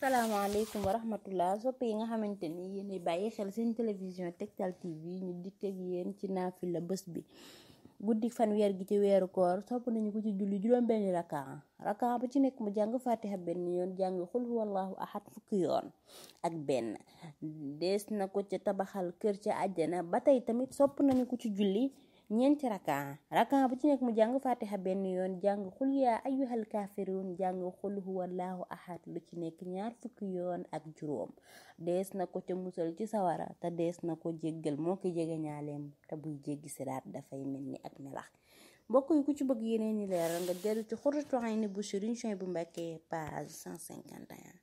salaamaaleykum wa rahmatullah sopp yi nga xamante ni yéen bàyyi xel seen télévision Tektal TV ñu dikk ak yéen ci naafila bés bi guddi fanweer gi ci weeru koor sopp nañu ko ci julli juróom-benni rakaa rakaa bu ci nekk mu jàng fatiha benn yoon jàng xul wallahu ahad fukk yoon ak benn des na ko ca tabaxal kër ci àjjana ba tey tamit sopp nañu ko ci julli ñeenti rakaa rakaa bu ci nekk mu jàng fatiha benn yoon jàng xul yaa ayyuhal kaafiruun jàng xul huwallaahu ahad lu ci nekk ñaar fukk yoon ak juróom dees na ko ca musal ci sawara te dees na ko jéggal moo ko jege ñaaleem te buy jéggi siraat dafay mel ni ak melax mbokk yi ku ci bëgg yeneen yi leeral nga dellu ci Xurratu Ayni bu Sëriñ Suhaybu bu mbakkee Mbakke page 151